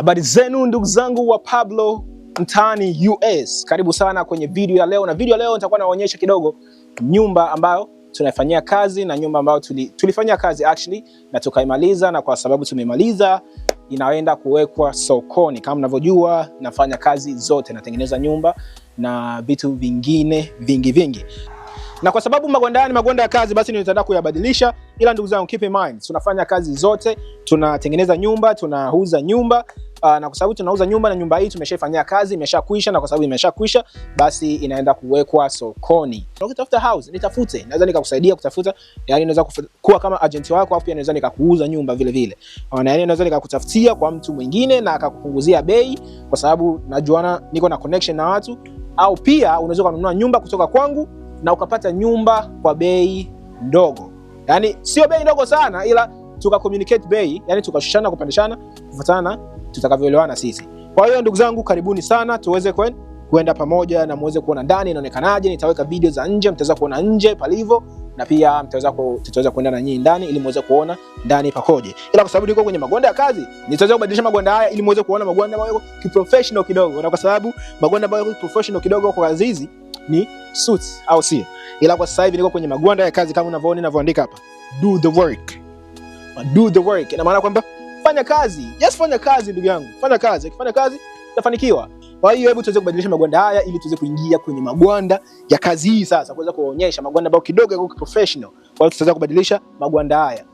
Habari zenu ndugu zangu wa Pablo Mtaani US, karibu sana kwenye video ya leo. Na video ya leo nitakuwa naonyesha kidogo nyumba ambayo tunafanyia kazi na nyumba ambayo tuli, tulifanyia kazi actually na tukaimaliza, na kwa sababu tumemaliza inaenda kuwekwa sokoni. Kama mnavyojua, nafanya kazi zote, natengeneza nyumba na vitu vingine vingi vingi na kwa sababu magwanda ni magwanda ya kazi, basi nitaenda kuyabadilisha. Ila ndugu zangu, keep in mind, tunafanya kazi zote, tunatengeneza nyumba, tunauza nyumba Uh, na kwa sababu tunauza nyumba na nyumba hii tumeshaifanyia kazi imeshakwisha, na kwa sababu imeshakwisha basi inaenda kuwekwa sokoni. Ukitafuta house nitafute, naweza nikakusaidia kutafuta, yani naweza kuwa kama agent wako, au pia naweza nikakuuza nyumba vile vile, ah, na yani naweza nikakutafutia kwa mtu mwingine na akakupunguzia bei, kwa sababu najuana, niko na connection na watu, au pia unaweza kununua nyumba kutoka kwangu na ukapata nyumba kwa bei ndogo, yaani sio bei ndogo sana, ila tuka communicate bei, yani tukashushana, kupandishana kufuatana tutakavyoelewana sisi. Kwa hiyo ndugu zangu, karibuni sana tuweze kwenda pamoja na muweze kuona ndani inaonekanaje. Nitaweka video za nje, mtaweza kuona nje palivyo na pia mtaweza ku, tutaweza kuenda na nyinyi ndani ili muweze kuona ndani pakoje, ila kwa sababu niko kwenye magwanda ya kazi nitaweza kubadilisha magwanda haya ili muweze kuona magwanda ambayo yako kiprofessional kidogo, na kwa sababu magwanda ambayo yako professional kidogo kwa kazi hizi ni suits, au si? Ila kwa sasa hivi niko kwenye magwanda ya kazi kama unavyoona ninavyoandika hapa, do the work, do the work, ina maana kwamba fanya kazi. Yes, fanya kazi ndugu yangu, fanya kazi. Ukifanya kazi tutafanikiwa. Kwa hiyo hebu tuweze kubadilisha magwanda haya ili tuweze kuingia kwenye magwanda ya kazi hii sasa, kuweza kuwaonyesha magwanda ambayo kidogo yako professional. Kwa hiyo tutaweza kubadilisha magwanda haya.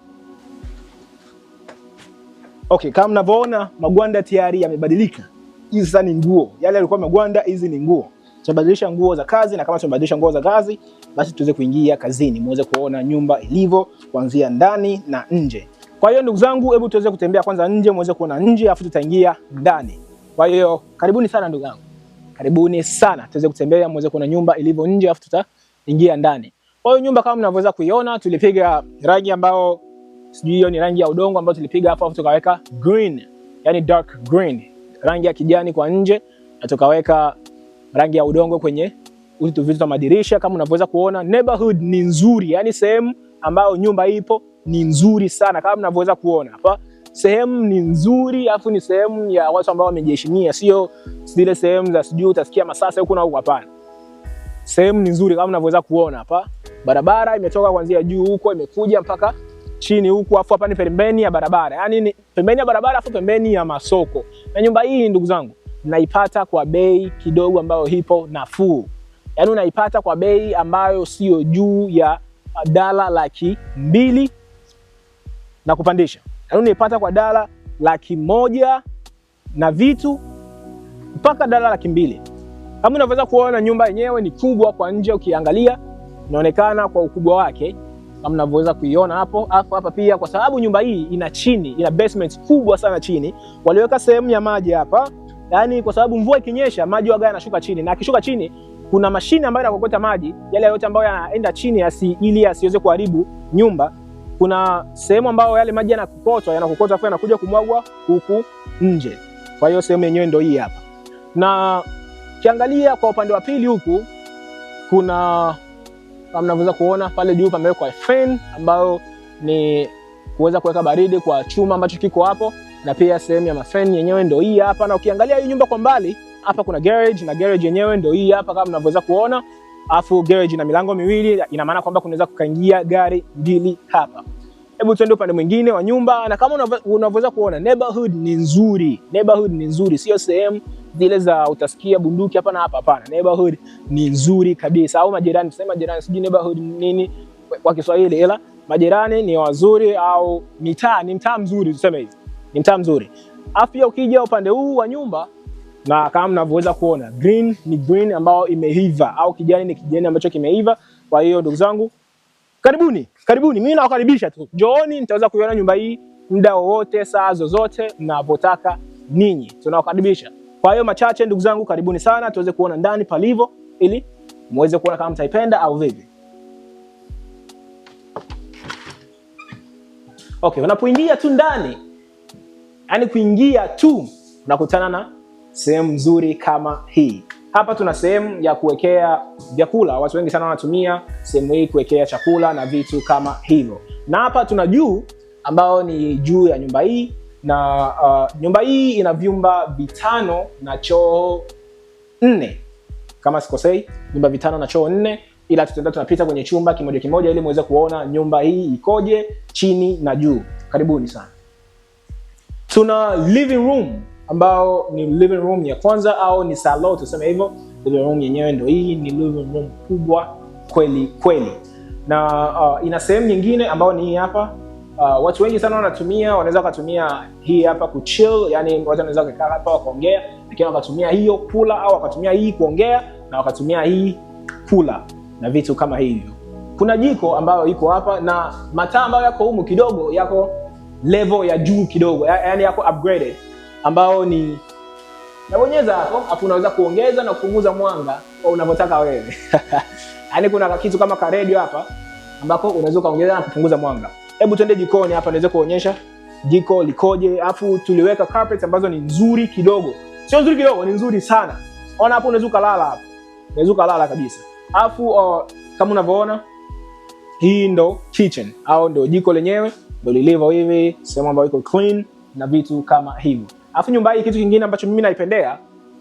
Okay, kama mnavyoona magwanda tayari yamebadilika. Hizi sasa ni nguo. Yale yalikuwa magwanda, hizi ni nguo. Tutabadilisha nguo za kazi na kama tumebadilisha nguo za kazi, basi tuweze kuingia kazini, muweze kuona nyumba ilivyo kuanzia ndani na nje. Kwa hiyo ndugu zangu, hebu tuweze kutembea kwanza nje, muweze kuona nje, afu tutaingia ndani. Kwa hiyo karibuni sana ndugu yangu, karibuni sana tuweze kutembea, muweze kuona nyumba ilivyo nje, afu tutaingia ndani. Kwa hiyo nyumba kama mnavyoweza kuiona, tulipiga rangi ambao sijui hiyo ni rangi ya udongo ambayo tulipiga hapo, afu tukaweka green, yani dark green, rangi ya kijani kwa nje na tukaweka rangi ya udongo kwenye vitu vya madirisha kama unavyoweza kuona. Neighborhood ni nzuri, yani sehemu ambayo nyumba ipo ni nzuri sana, kama mnavyoweza kuona hapa sehemu ni nzuri, afu ni sehemu ya watu ambao wamejiheshimia, sio zile sehemu za sijui utasikia masasa huko na huko. Hapana, sehemu ni nzuri kama unavyoweza kuona hapa. Barabara imetoka kuanzia juu huko imekuja mpaka chini huku, afu hapa ni pembeni ya barabara, yani ni pembeni ya barabara, afu pembeni ya masoko. Na nyumba hii ndugu zangu, naipata kwa bei kidogo ambayo ipo nafuu, yaani unaipata kwa bei ambayo sio juu ya dala laki mbili na kupandisha. Yaani naipata kwa dala laki moja na vitu mpaka dala laki mbili. Kama unavyoweza kuona nyumba yenyewe ni kubwa kwa nje, ukiangalia inaonekana kwa ukubwa wake kama unavyoweza kuiona hapo. Afu hapa pia kwa sababu nyumba hii ina chini, ina basement kubwa sana chini, waliweka sehemu ya maji hapa, yaani kwa sababu mvua ikinyesha maji waga yanashuka chini, na akishuka chini kuna mashine ambayo inakokota maji yale yote ambayo yanaenda chini, ili asiweze kuharibu nyumba kuna sehemu ambayo yale maji yanakokotwa yanakokotwa afu yanakuja kumwagwa huku nje. Kwa hiyo sehemu yenyewe ndio hii hapa, na kiangalia kwa upande wa pili huku kuna kama mnavyoweza kuona pale juu pamewekwa fan ambayo ni kuweza kuweka baridi kwa chuma ambacho kiko hapo, na pia sehemu ya mafan yenyewe ndio hii hapa. Na ukiangalia hii nyumba kwa mbali hapa kuna garage, na garage yenyewe ndio hii hapa kama mnavyoweza kuona, Alafu garage ina milango miwili, ina maana kwamba kunaweza kukaingia gari mbili hapa. Hebu tuende upande mwingine wa nyumba, na kama unavyoweza kuona neighborhood ni nzuri. Neighborhood ni nzuri, sio sehemu zile za utasikia bunduki hapa na hapa. Hapana, neighborhood ni nzuri kabisa. Au majirani, tuseme majirani, sijui neighborhood nini kwa Kiswahili, ila majirani ni wazuri, au mitaa ni mtaa mzuri, tuseme hivi ni mtaa mzuri. Afu pia ukija upande huu wa nyumba na kama mnavyoweza kuona green ni green ambayo imeiva au kijani ni kijani ambacho kimeiva. Kwa hiyo ndugu zangu, karibuni karibuni, mimi nawakaribisha tu, njooni, nitaweza kuiona nyumba hii muda wowote, saa zozote mnavyotaka ninyi, tunawakaribisha. Kwa hiyo machache, ndugu zangu, karibuni sana, tuweze kuona ndani palivyo, ili muweze kuona kama mtaipenda au vipi. Okay, unapoingia tu ndani, yani kuingia tu unakutana na sehemu nzuri kama hii. Hapa tuna sehemu ya kuwekea vyakula, watu wengi sana wanatumia sehemu hii kuwekea chakula na vitu kama hivyo, na hapa tuna juu ambao ni juu ya nyumba hii na uh, nyumba hii ina vyumba vitano na choo nne kama sikosei, nyumba vitano na choo nne, ila tutaenda tunapita kwenye chumba kimoja kimoja ili muweze kuona nyumba hii ikoje chini na juu. Karibuni sana. Tuna living room ambao ni living room ya kwanza au ni salo, tuseme hivyo. Living room yenyewe ndo hii, ni living room kubwa kweli kweli, na uh, ina sehemu nyingine ambayo ni hii hapa. Uh, watu wengi sana wanatumia, wanaweza wakatumia hii hapa ku chill, yani watu wanaweza kukaa hapa wakaongea, lakini wakatumia hiyo kula au wakatumia hii kuongea na wakatumia hii kula na vitu kama hivyo. Kuna jiko ambayo iko hapa na mataa ambayo yako humu kidogo yako level ya juu kidogo, yani yako upgraded ambao ni nabonyeza hapo, afu unaweza kuongeza na kupunguza mwanga kwa unavyotaka wewe. Yaani kuna kitu kama ka radio hapa ambako unaweza kuongeza na kupunguza mwanga. Hebu twende jikoni hapa niweze kuonyesha jiko likoje, afu tuliweka carpet ambazo ni nzuri kidogo. Sio nzuri kidogo, ni nzuri sana. Ona hapo unaweza kulala hapo. Unaweza kulala kabisa. Afu uh, kama unavyoona hii ndo kitchen au ndo jiko lenyewe ndo lilivyo hivi, sehemu ambayo iko clean na vitu kama hivyo. Alafu nyumba hii, kitu kingine ambacho mimi naipendea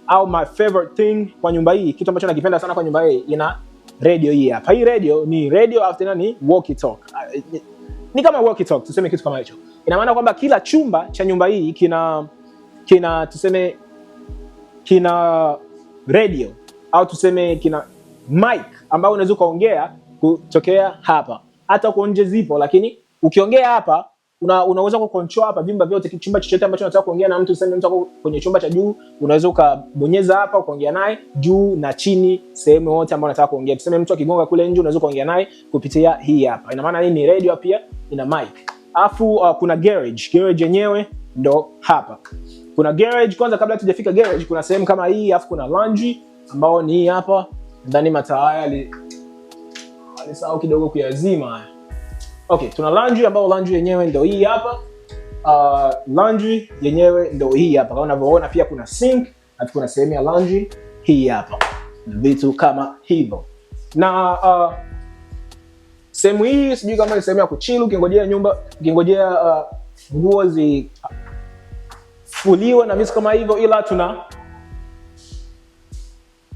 au my favorite thing kwa nyumba hii, kitu ambacho nakipenda sana kwa nyumba hii, ina radio hii hapa. Hii radio ni radio au tena ni walkie talk, ah, eh, ni kama walkie talk, tuseme kitu kama hicho. Ina maana kwamba kila chumba cha nyumba hii kina kina tuseme kina radio au tuseme kina mic ambayo unaweza ukaongea kutokea hapa. Hata uko nje zipo, lakini ukiongea hapa una, unaweza kucontrol hapa vyumba vyote, chumba chochote ambacho unataka kuongea na mtu. Sasa unataka kwenye chumba cha juu, unaweza ukabonyeza hapa ukaongea naye juu na chini, sehemu yote ambayo unataka kuongea. Tuseme mtu akigonga kule nje, unaweza kuongea naye kupitia hii hapa. Ina maana hii ni radio, pia ina mic. Afu uh, kuna garage. Garage yenyewe ndo hapa. Kuna garage kwanza, kabla tujafika garage, kuna sehemu kama hii, afu kuna laundry ambao ni hii hapa. Ndani mataa haya alisahau kidogo kuyazima haya Okay, tuna laundry ambayo laundry yenyewe ndio hii hapa. Uh, laundry yenyewe ndio hii hapa. Kama unavyoona pia kuna sink, na kuna sehemu ya laundry hii hapa. Vitu kama hivyo. Na uh, sehemu hii sijui kama ni sehemu ya kuchill ukingojea nyumba, ukingojea ah, nguo uh, zifuliwe na vitu kama hivyo, ila tuna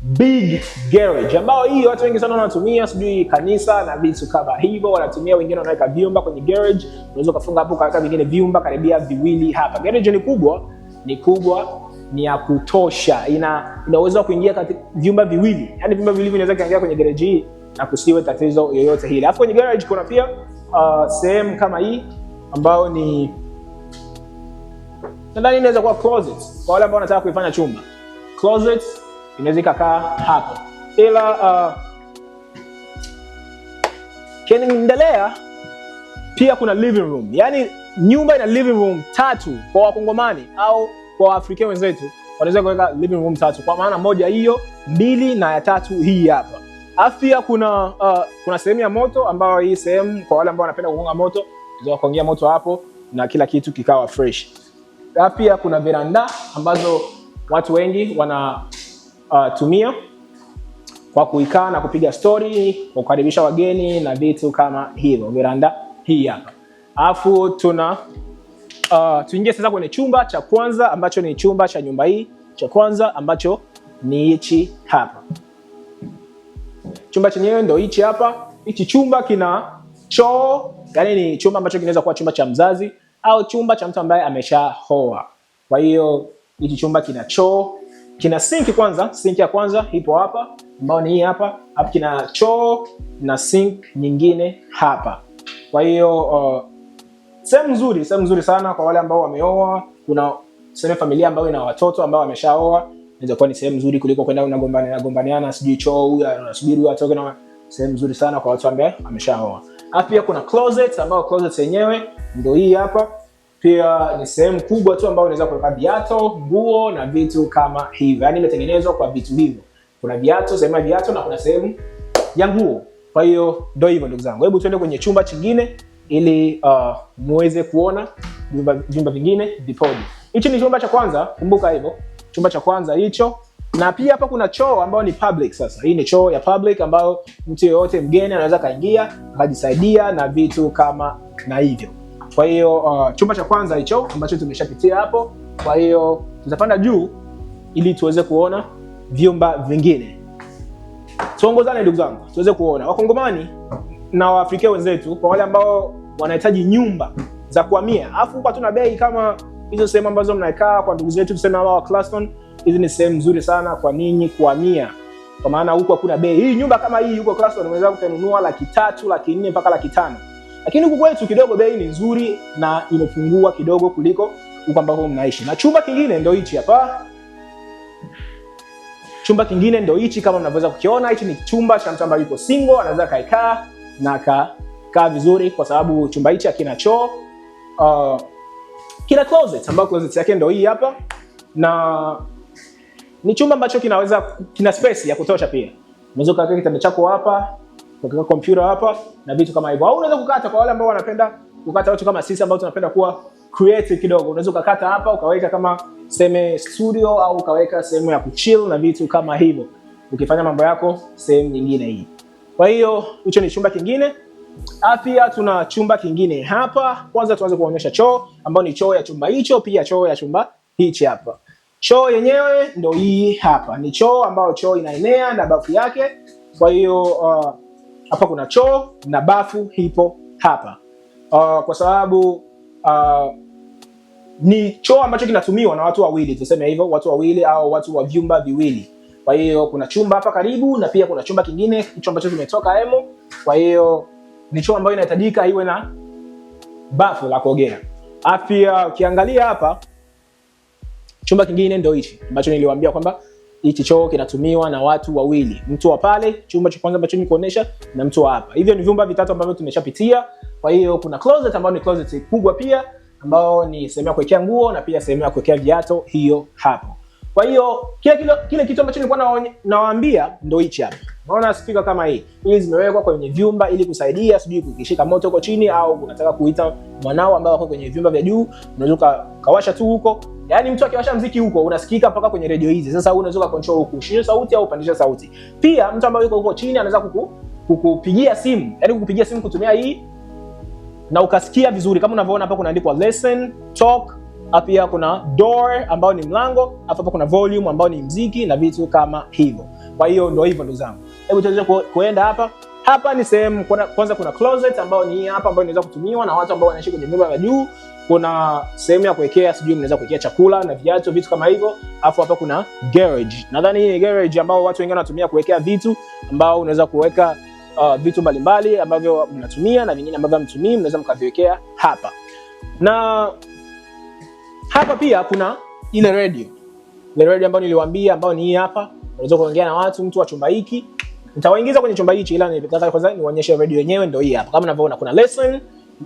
big garage ambao hii watu wengi sana wanatumia, sijui kanisa na vitu kama hivyo wanatumia. Wengine wanaweka vyumba kwenye garage, unaweza kufunga hapo kaweka vingine vyumba karibia viwili hapa. Garage ni kubwa, ni kubwa, ni ya kutosha, ina inaweza kuingia katika vyumba viwili, yani vyumba viwili vinaweza kuingia kwenye garage hii na kusiwe tatizo yoyote hili. Alafu kwenye garage kuna pia uh, sehemu kama hii ambayo ni nadhani inaweza kuwa closet kwa wale ambao wanataka kuifanya chumba closet inaweza ikakaa hapo, ila uh, kiendelea pia kuna living room, yaani nyumba ina living room tatu. Kwa wakongomani au kwa waafrika wenzetu wanaweza kuweka living room tatu, kwa maana moja hiyo, mbili na ya tatu hii hapa. Alafu pia kuna uh, kuna sehemu ya moto ambayo hii sehemu kwa wale ambao wanapenda kuunga moto unaweza kuongea moto hapo na kila kitu kikawa fresh. Pia kuna veranda ambazo watu wengi wana uh, tumia kwa kuikaa na kupiga story, kukaribisha wageni na vitu kama hivyo. Veranda hii hapa. Alafu tuna uh, tuingie sasa kwenye chumba cha kwanza ambacho ni chumba cha nyumba hii cha kwanza ambacho ni hichi hapa. Chumba chenyewe ndio hichi hapa. Hichi chumba kina choo, yani ni chumba ambacho kinaweza kuwa chumba cha mzazi au chumba cha mtu ambaye ameshaoa. Kwa hiyo hichi chumba kina choo Kina sinki kwanza, sinki ya kwanza ipo hapa, ambayo ni hii hapa. Hapo kina choo na sink nyingine hapa. Kwa hiyo uh, sehemu nzuri, sehemu nzuri sana kwa wale ambao wameoa. Kuna sehemu familia ambayo ina watoto ambao wameshaoa, inaweza kuwa ni sehemu nzuri kuliko kwenda unagombana na gombaniana, sijui choo huyu anasubiri huyu atoke, na sehemu nzuri sana kwa watu ambao wameshaoa. Hapa pia kuna closet ambayo closet yenyewe ndio hii hapa pia ni sehemu kubwa tu ambayo unaweza kuweka viatu, nguo na vitu kama hivyo. Yaani imetengenezwa kwa vitu hivyo. Kuna viatu, sehemu ya viatu na kuna sehemu ya nguo. Kwa hiyo ndio hivyo ndugu zangu. Hebu tuende kwenye chumba chingine ili uh, muweze kuona vyumba vingine vipoje. Hichi ni chumba cha kwanza, kumbuka hivyo. Chumba cha kwanza hicho na pia hapa kuna choo ambayo ni public. Sasa hii ni choo ya public ambayo mtu yeyote mgeni anaweza kaingia akajisaidia na vitu kama na hivyo. Kwa hiyo uh, chumba cha kwanza hicho ambacho tumeshapitia hapo. Kwa hiyo tutapanda juu ili tuweze kuona vyumba vingine. Tuongozane ndugu zangu, tuweze kuona Wakongomani na Waafrika wenzetu, kwa wale ambao wanahitaji nyumba za kuhamia, afu huko hatuna bei kama hizo sehemu ambazo mnakaa kwa ndugu zetu, tuseme hawa wa Claston. Hizi ni sehemu nzuri sana kwa ninyi kuhamia, kwa maana huko hakuna bei. Hii nyumba kama hii huko Claston unaweza kununua laki tatu, laki nne mpaka laki tano. Lakini huku kwetu kidogo bei ni nzuri na imepungua kidogo kuliko huko ambako mnaishi. Na chumba kingine ndio hichi hapa. Chumba kingine ndio hichi kama mnavyoweza kukiona, hichi ni chumba cha mtu ambaye yuko single, anaweza kaikaa na kakaa vizuri kwa sababu chumba hichi hakina choo. Uh, kina closet ambayo closet yake ndio hii hapa na ni chumba ambacho kinaweza kina space ya kutosha pia. Unaweza kuweka kitanda chako hapa ukiweka kompyuta hapa na vitu kama hivyo, au unaweza kukata. Kwa wale ambao wanapenda kukata, watu kama sisi ambao tunapenda kuwa creative kidogo, unaweza ukakata hapa ukaweka kama seme studio, au ukaweka sehemu ya kuchill na vitu kama hivyo, ukifanya mambo yako sehemu nyingine hii. Kwa hiyo hicho ni chumba kingine. Ah, pia tuna chumba kingine hapa. Kwanza tuanze kuonyesha choo, ambayo ni choo ya chumba hicho, pia choo ya chumba hichi hapa. Choo yenyewe ndo hii hapa, ni choo ambayo choo inaenea na bafu yake. Kwa hiyo uh, hapa kuna choo na bafu hipo hapa uh, kwa sababu uh, ni choo ambacho kinatumiwa na watu wawili, tuseme hivyo, watu wawili au watu wa vyumba viwili. Kwa hiyo kuna chumba hapa karibu na pia kuna chumba kingine hicho ambacho kimetoka emo. Kwa hiyo ni choo ambayo inahitajika iwe na bafu la kuogea. afya ukiangalia hapa chumba kingine ndio hichi ambacho niliwaambia kwamba hichi choo kinatumiwa na watu wawili, mtu wa pale chumba cha kwanza ambacho nimekuonesha na mtu wa hapa. Hivyo ni vyumba vitatu ambavyo tumeshapitia. Kwa hiyo kuna closet ambayo ni closet kubwa pia, ambayo ni sehemu ya kuwekea nguo na pia sehemu ya kuwekea viatu, hiyo hapo. Kwa hiyo kile kile, kile kitu ambacho nilikuwa nawaambia ndo hichi hapa. Unaona spika kama hii hizi zimewekwa kwenye vyumba ili kusaidia, sijui kukishika moto huko chini, au unataka kuita mwanao ambao wako kwenye vyumba vya juu, unaweza kawasha tu huko. Yaani mtu akiwasha mziki huko unasikika mpaka kwenye redio hizi. Sasa wewe unaweza control huko, ushushe sauti au upandishe sauti. Pia mtu ambaye yuko huko chini anaweza kuku, kukupigia simu, yaani kukupigia simu kutumia hii na ukasikia vizuri kama unavyoona hapa kunaandikwa lesson talk hapa pia kuna door ambao ni mlango, hapo kuna volume ambao ni mziki na vitu kama hivyo. Kwa hiyo ndio hivyo ndugu zangu, hebu tuweze kuenda hapa. Hapa ni sehemu kwanza, kuna closet ambao ni hapa, ambayo inaweza kutumiwa na watu ambao wanaishi kwenye nyumba vya juu. Kuna sehemu ya kuwekea, sijui mnaweza kuwekea chakula na viatu, vitu kama hivyo. Alafu hapa kuna garage, nadhani hii ni garage ambao watu wengi wanatumia kuwekea vitu, ambao unaweza kuweka uh, vitu mbalimbali ambavyo mnatumia na vingine ambavyo mtumii, mnaweza mkaviwekea hapa na hapa pia kuna ile redio Ile redio ambayo niliwaambia ambayo ni hii hapa. Unaweza kuongea na watu mtu wa chumba hiki. Nitawaingiza kwenye chumba hichi ila nilitaka kwanza niwaonyeshe redio yenyewe ndio hii hapa. Kama mnavyoona kuna lesson,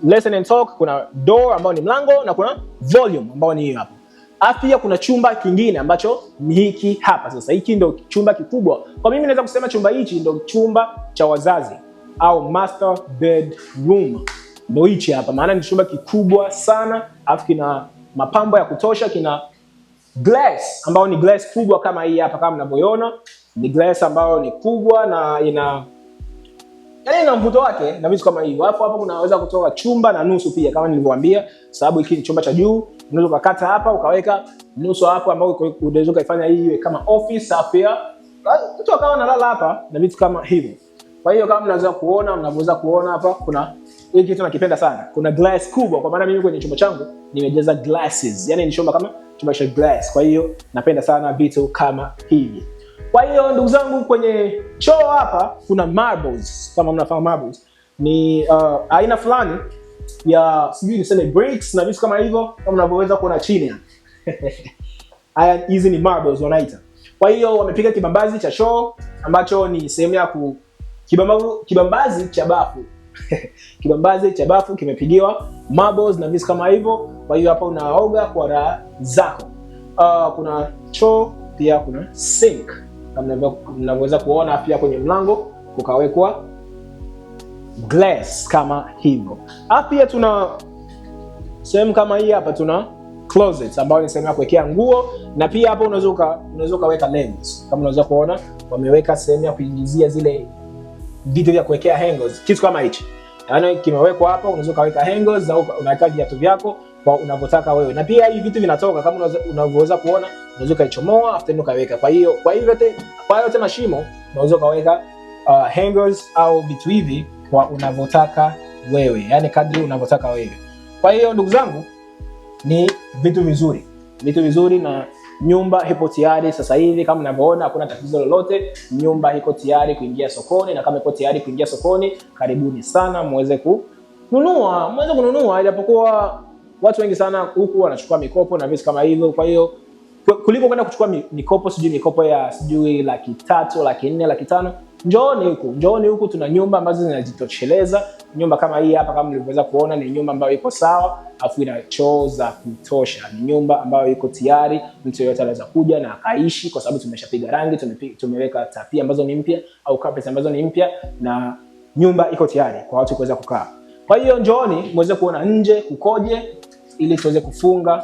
lesson and talk, kuna door ambayo ni mlango na kuna volume ambayo ni hii hapa. Alafu pia kuna chumba kingine ambacho ni hiki hapa. Sasa hiki ndio chumba kikubwa. Kwa mimi naweza kusema chumba hichi ndio chumba cha wazazi au master bedroom. Ndio hichi hapa. Maana ni chumba kikubwa sana, alafu kina mapambo ya kutosha, kina glass ambayo ni glass kubwa kama hii hapa, kama mnavyoiona ni glass ambayo ni kubwa na ina yaani ina mvuto wake na vitu kama hivyo. Alafu hapa kunaweza kutoa chumba na nusu pia, kama nilivyowaambia, sababu hiki ni chumba cha juu. Unaweza ukakata hapa ukaweka nusu hapo, ambayo unaweza ukaifanya hii iwe kama office hapa afia, mtu akawa analala hapa na vitu kama hivyo. Kwa hiyo kama mnaweza kuona mnaweza kuona hapa kuna hiki kitu nakipenda sana. Kuna glass kubwa, kwa maana mimi kwenye chumba changu nimejaza glasses, yani ni chumba kama chumba cha glass. Kwa hiyo napenda sana vitu kama hivi. Kwa hiyo ndugu zangu, kwenye choo hapa kuna marbles, kama mnafahamu marbles ni uh, aina fulani ya sijui niseme bricks na vitu kama hivyo, kama mnavyoweza kuona chini haya. Hizi ni marbles wanaita. Kwa hiyo wamepiga kibambazi cha choo ambacho ni sehemu ya ku kibambazi, kibambazi cha bafu kibambazi cha bafu kimepigiwa marbles na vitu kama hivyo. Kwa hiyo hapa unaoga kwa raha zako. Uh, kuna choo pia kuna sink kama mnavyoweza kuona pia kwenye mlango ukawekwa glass kama hivyo. Ah, pia tuna sehemu kama hii hapa, tuna closet ambayo ni sehemu ya kuwekea nguo, na pia hapo unaweza unaweza ukaweka lens kama unaweza kuona wameweka sehemu ya kuingizia zile vitu vya kuwekea hangers, kitu kama hichi, yaani kimewekwa hapa, unaweza ukaweka hangers au unaweka viatu vyako kwa unavyotaka wewe, na pia hivi vitu vinatoka kama unavyoweza kuona, unaweza ukaichomoa after ndio kaweka. Kwa hiyo kwa hivyo yote kwa yote mashimo unaweza ukaweka uh, hangers au vitu hivi kwa unavyotaka wewe, yaani kadri unavyotaka wewe. Kwa hiyo ndugu zangu, ni vitu vizuri, vitu vizuri na Nyumba ipo tayari sasa hivi, kama mnavyoona, hakuna tatizo lolote. Nyumba iko tayari kuingia sokoni, na kama iko tayari kuingia sokoni, karibuni sana muweze kununua, muweze kununua, ijapokuwa watu wengi sana huku wanachukua mikopo na vitu kama hivyo, kwa hiyo kuliko kwenda kuchukua mikopo sijui mikopo ya sijui laki tatu laki nne laki tano Njooni huku, njooni huku, tuna nyumba ambazo zinajitosheleza. Nyumba kama hii hapa, kama mlivyoweza kuona, ni nyumba ambayo iko sawa, afu ina choo za kutosha. Ni nyumba ambayo iko tayari, mtu yeyote anaweza kuja na akaishi, kwa sababu tumeshapiga rangi, tumeweka tapi ambazo ni mpya au carpet ambazo ni mpya, na nyumba iko tayari kwa watu kuweza kukaa. Kwa hiyo njooni muweze kuona nje kukoje, ili tuweze kufunga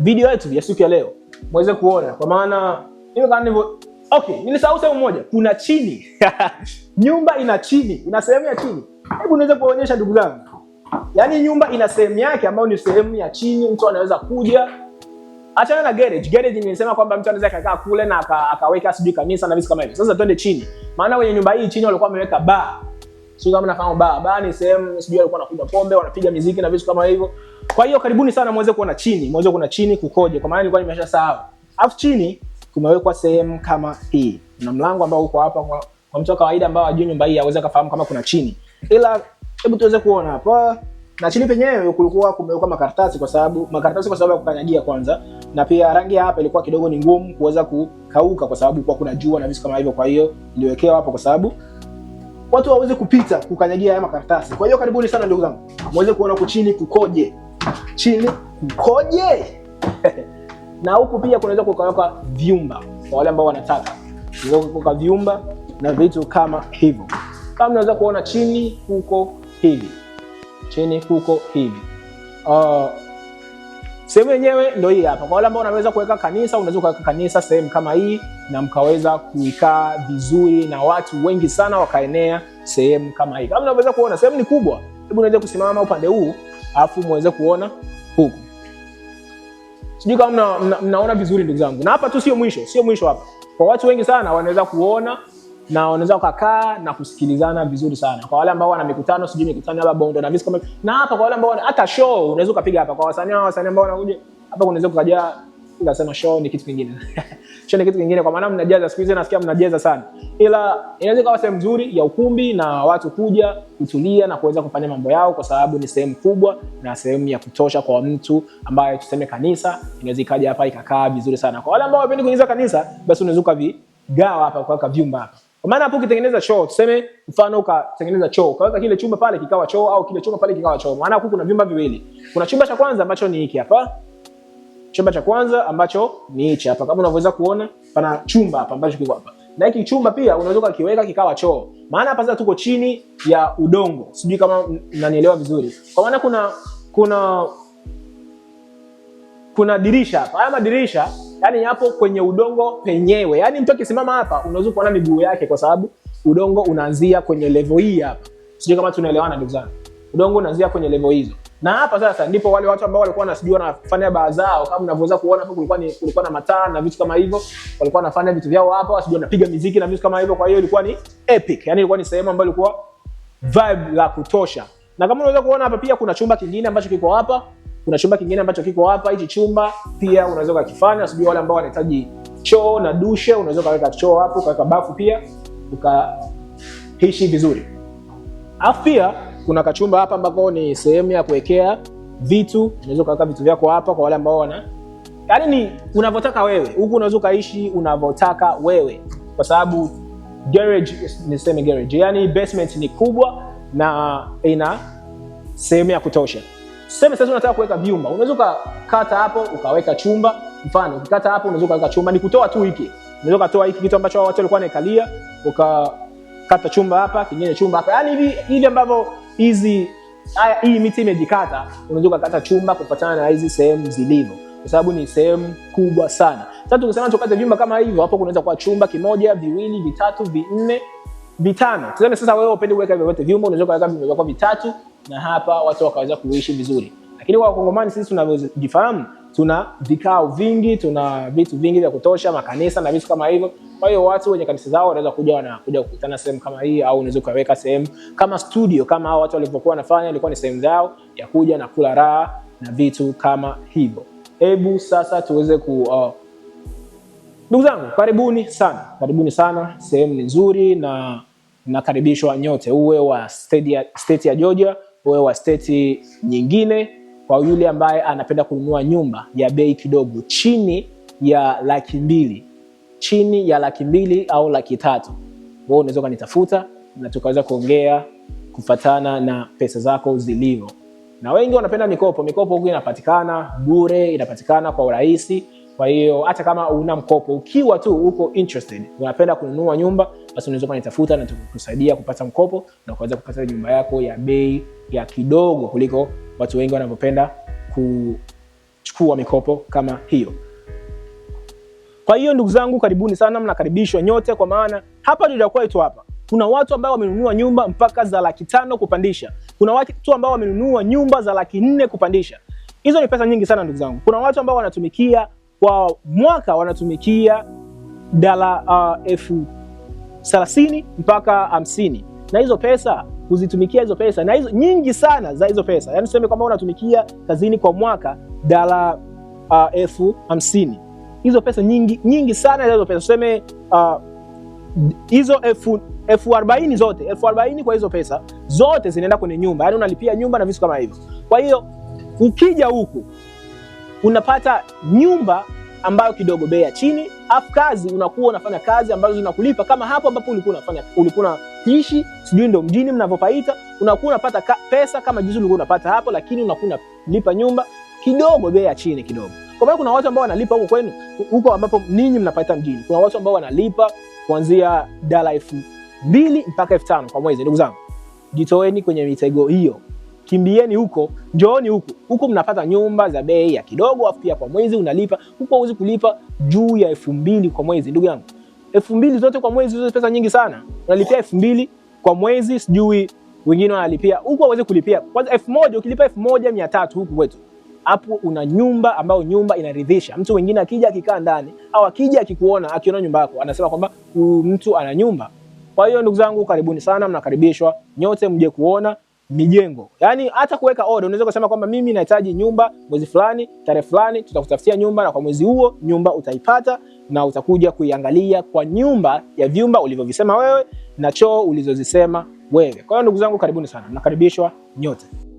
video yetu ya siku ya leo mweze kuona, kwa maana okay, nilisahau sehemu moja, kuna chini nyumba ina chini, ina sehemu ya chini. Hebu niweze kuonyesha ndugu zangu, yaani nyumba ina sehemu yake ambayo ni sehemu ya chini, mtu anaweza kuja Achana na garage. Garage nimesema kwamba mtu anaweza kakaa kule na akaweka sijui kanisa na vitu kama hivyo. Sasa twende chini, maana wenye nyumba hii chini walikuwa wameweka bar sio kama nafahamu baa baa ni sehemu sijui walikuwa wanakunywa pombe wanapiga miziki na vitu kama hivyo. Kwa hiyo karibuni sana muweze kuona chini, muweze kuona chini kukoje, kwa maana nilikuwa nimeshasahau. Alafu chini kumewekwa sehemu kama hii na mlango ambao uko hapa kwa, kwa mtu wa kawaida ambao hajui nyumba hii hawezi kufahamu kama kuna chini, ila hebu tuweze kuona hapa na chini penyewe kulikuwa kumewekwa makaratasi kwa sababu makaratasi kwa sababu ya kukanyagia kwanza, na pia rangi hapa ilikuwa kidogo ni ngumu kuweza kukauka kwa sababu kwa kuna jua na vitu kama hivyo. Kwa hiyo iliwekewa hapo kwa sababu watu waweze kupita kukanyagia haya makaratasi. Kwa hiyo karibuni sana ndugu zangu, muweze kuona huku chini kukoje, chini kukoje na huku pia kunaweza kukaweka vyumba kwa wale ambao wanataka kuweka vyumba na vitu kama hivyo. Kama unaweza kuona chini huko hivi, chini huko hivi. Uh, sehemu yenyewe ndio hii hapa. Kwa wale ambao wanaweza kuweka kanisa, unaweza kuweka kanisa sehemu kama hii na mkaweza kuikaa vizuri na watu wengi sana wakaenea sehemu kama hii. Kama unaweza kuona sehemu ni kubwa, hebu unaweza kusimama upande huu alafu muweze kuona huku. Sijui kama mna, mna, mnaona vizuri ndugu zangu, na hapa tu sio mwisho, sio mwisho hapa. Kwa watu wengi sana wanaweza kuona na wanaweza kukaa na kusikilizana vizuri sana. Kwa wale ambao wana mikutano, sijui mikutano labda bondo na visco, na hapa kwa wale ambao hata show unaweza kupiga hapa kwa wasanii, wasanii ambao wanakuja hapa, unaweza kukaja nikasema show ni kitu kingine. show ni kitu kingine kwa maana mnajaza siku hizi nasikia mnajaza sana. Ila inaweza kuwa sehemu nzuri ya ukumbi na watu kuja kutulia na kuweza kufanya mambo yao kwa sababu ni sehemu kubwa na sehemu ya kutosha kwa mtu ambaye tuseme kanisa inaweza ikaja hapa ikakaa vizuri sana. Kwa wale ambao wapendi kuingiza kanisa basi unaweza ukavigawa hapa kwa vyumba hapa. Kwa maana hapo ukitengeneza choo, tuseme mfano ukatengeneza choo, ukaweka kile chumba pale kikawa choo au kile chumba pale kikawa choo. Maana huku kuna vyumba viwili. Kuna chumba cha kwanza ambacho ni hiki hapa. Chumba cha kwanza ambacho ni hichi hapa, kama unavyoweza kuona, pana chumba hapa ambacho kiko hapa, na hiki chumba pia unaweza ukakiweka kikawa choo, maana hapa sasa tuko chini ya udongo. Sijui kama mnanielewa vizuri, kwa maana kuna kuna kuna dirisha hapa. Haya madirisha yani yapo kwenye udongo penyewe, yani mtu akisimama hapa unaweza kuona miguu yake, kwa sababu udongo unaanzia kwenye level hii hapa. Sijui kama tunaelewana ndugu zangu, udongo unaanzia kwenye level hizo. Na hapa sasa ndipo wale watu ambao walikuwa wanasijua wanafanya baa zao, kama mnavyoweza kuona hapo, kulikuwa ni kulikuwa na mataa na vitu kama hivyo, walikuwa wanafanya vitu vyao hapa, wasijua wanapiga muziki na vitu kama hivyo. Kwa hiyo ilikuwa ni epic, yani ilikuwa ni sehemu ambayo ilikuwa vibe la kutosha, na kama unaweza kuona hapa pia kuna chumba kingine ambacho kiko hapa kuna chumba kingine ambacho kiko hapa. Hichi chumba pia unaweza kukifanya, sijui wale ambao wanahitaji choo na dushe, unaweza ukaweka choo hapo, kaweka bafu pia ukaishi vizuri, alafu pia kuna kachumba hapa ambako ni sehemu ya kuwekea vitu, unaweza kuweka vitu vyako hapa kwa wale ambao wana yaani ni unavyotaka wewe. Huku unaweza ukaishi unavyotaka wewe, kwa sababu garage, niseme garage, yani basement ni kubwa na ina sehemu ya kutosha. Sema sasa unataka kuweka vyumba, unaweza ukakata hapo ukaweka chumba. Mfano ukikata hapo unaweza ukaweka chumba, ni kutoa tu hiki, unaweza ukatoa hiki kitu ambacho watu walikuwa wanaikalia, ukakata chumba hapa, kingine chumba hapa, yani hivi hivi ambavyo hizi haya, hii miti imejikata, unaweza ukakata chumba kufuatana na hizi sehemu zilivyo, kwa sababu ni sehemu kubwa sana. Sasa tukisema tukate vyumba kama hivyo, hapo kunaweza kuwa chumba kimoja, viwili, vitatu, vinne, vitano. Tuseme sasa wewe upende kuweka vyote vyumba, unaweza kuweka vyumba vitatu, na hapa watu wakaweza kuishi vizuri, lakini kwa Wakongomani sisi tunavyojifahamu tuna vikao vingi, tuna vitu vingi vya kutosha, makanisa na vitu kama hivyo. Kwa hiyo watu wenye kanisa zao wanaweza kuja wanakuja kukutana sehemu kama hii, au unaweza ukaweka sehemu kama studio, kama hao watu walivyokuwa wanafanya, ilikuwa ni sehemu zao ya kuja na kula raha na vitu kama hivyo. Hebu sasa tuweze ku uh, ndugu zangu, karibuni sana, karibuni sana. Sehemu ni nzuri na nakaribishwa nyote, uwe wa state ya, state ya Georgia, uwe wa state nyingine kwa yule ambaye anapenda kununua nyumba ya bei kidogo chini ya laki mbili chini ya laki mbili au laki tatu wao unaweza ukanitafuta na tukaweza kuongea kufatana na pesa zako zilivyo. Na wengi wanapenda mikopo. Mikopo huku inapatikana bure, inapatikana kwa urahisi. Kwa hiyo hata kama una mkopo, ukiwa tu uko interested, unapenda kununua nyumba, basi unaweza kunitafuta na tukusaidia kupata mkopo na kuweza kupata nyumba yako ya bei ya kidogo kuliko watu wengi wanavyopenda kuchukua mikopo kama hiyo. Kwa hiyo ndugu zangu, karibuni sana, mnakaribishwa nyote, kwa maana hapa ndio kwetu. Hapa kuna watu ambao wamenunua nyumba mpaka za laki tano kupandisha, kuna watu ambao wamenunua nyumba za laki nne kupandisha. Hizo ni pesa nyingi sana ndugu zangu. Kuna watu ambao wanatumikia kwa mwaka wanatumikia dala uh, elfu thelathini mpaka hamsini na hizo pesa huzitumikia hizo pesa na hizo nyingi sana za hizo pesa, yani tuseme kwamba unatumikia kazini kwa mwaka dala uh, elfu hamsini hizo pesa nyingi nyingi sana hizo pesa tuseme uh, hizo uh, elfu arobaini zote elfu arobaini kwa hizo pesa zote zinaenda kwenye nyumba, yani unalipia nyumba na vitu kama hivyo. Kwa hiyo ukija huku unapata nyumba ambayo kidogo bei ya chini, afu kazi unakuwa unafanya kazi ambazo zinakulipa kama hapo ambapo ulikuwa unafanya ulikuwa unaishi, sijui ndio mjini mnavyopaita, unakuwa unapata ka, pesa kama jinsi ulikuwa unapata hapo, lakini unakuwa unalipa nyumba kidogo bei ya chini kidogo. Kwa maana kuna watu ambao wanalipa huko kwenu, huko ambapo ninyi mnapata mjini, kuna watu ambao wanalipa kuanzia dala elfu mbili mpaka elfu tano kwa mwezi. Ndugu zangu, jitoeni kwenye mitego hiyo kimbieni huko, njooni huku. Huku mnapata nyumba za bei ya kidogo, afu pia kwa mwezi unalipa. Huko huwezi kulipa juu ya elfu mbili kwa mwezi. Ndugu yangu, elfu mbili zote kwa mwezi, hizo pesa nyingi sana. Unalipia elfu mbili kwa mwezi, sijui wengine wanalipia huku, hawezi kulipia kwanza elfu moja. Ukilipa elfu moja mia tatu huku kwetu hapo una nyumba ambayo nyumba inaridhisha. Mtu mwingine akija akikaa ndani au akija akikuona akiona nyumba yako anasema kwamba mtu ana nyumba. Kwa hiyo ndugu zangu, karibuni sana, mnakaribishwa nyote mje kuona mijengo. Yaani hata kuweka order unaweza kusema kwamba mimi nahitaji nyumba mwezi fulani, tarehe fulani, tutakutafutia nyumba na kwa mwezi huo nyumba utaipata na utakuja kuiangalia kwa nyumba ya vyumba ulivyovisema wewe na choo ulizozisema wewe. Kwa hiyo ndugu zangu, karibuni sana. Nakaribishwa nyote.